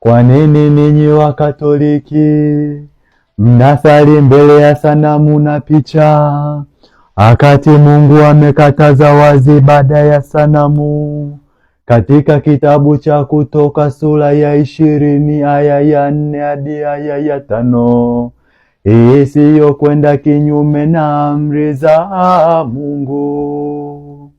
Kwa nini ninyi Wakatoliki mnasali mbele ya sanamu na picha, akati Mungu amekataza wazi ibada ya sanamu? Katika kitabu cha Kutoka sura ya ishirini aya ya nne hadi aya ya tano hii siyokwenda kinyume na amri za Mungu.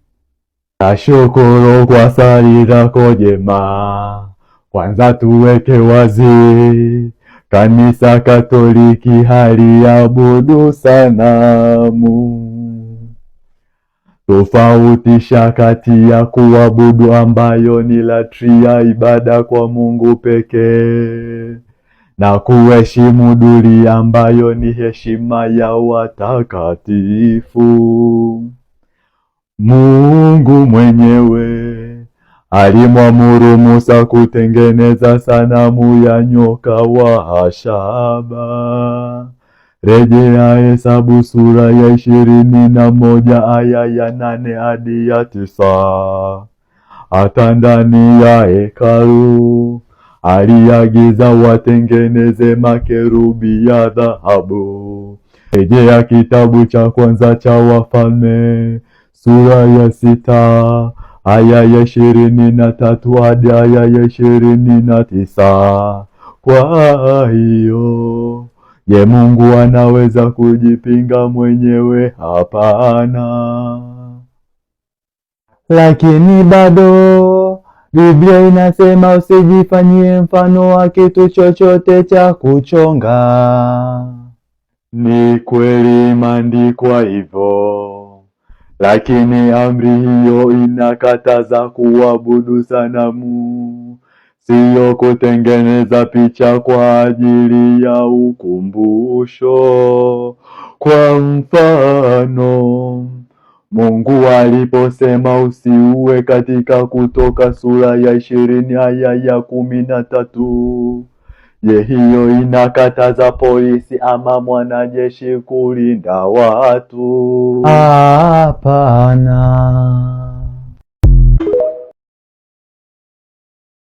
Nashukuru kwa sali zako jema kwanza tuweke wazi, Kanisa Katoliki haliabudu sanamu. Tofautisha kati ya kuabudu ambayo ni latria, ibada kwa Mungu pekee, na kuheshimu duli ambayo ni heshima ya watakatifu. Mungu mwenyewe alimwamuru Musa kutengeneza sanamu ya nyoka wa ashaba. Rejea Hesabu sura ya ishirini na moja aya ya nane hadi ya tisa. Hata ndani ya hekalu aliagiza watengeneze makerubi ya dhahabu. Rejea kitabu cha kwanza cha Wafalme sura ya sita aya ya ishirini na tatu hadi aya ya ishirini na tisa Kwa hiyo je, Mungu anaweza kujipinga mwenyewe? Hapana. Lakini bado Biblia inasema usijifanyie mfano wa kitu chochote cha kuchonga. Ni kweli imeandikwa hivyo. Lakini amri hiyo inakataza kuabudu sanamu, siyo kutengeneza picha kwa ajili ya ukumbusho. Kwa mfano, Mungu aliposema usiue katika Kutoka sura ya ishirini aya ya kumi na tatu Je, hiyo inakataza polisi ama mwanajeshi kulinda watu? Hapana.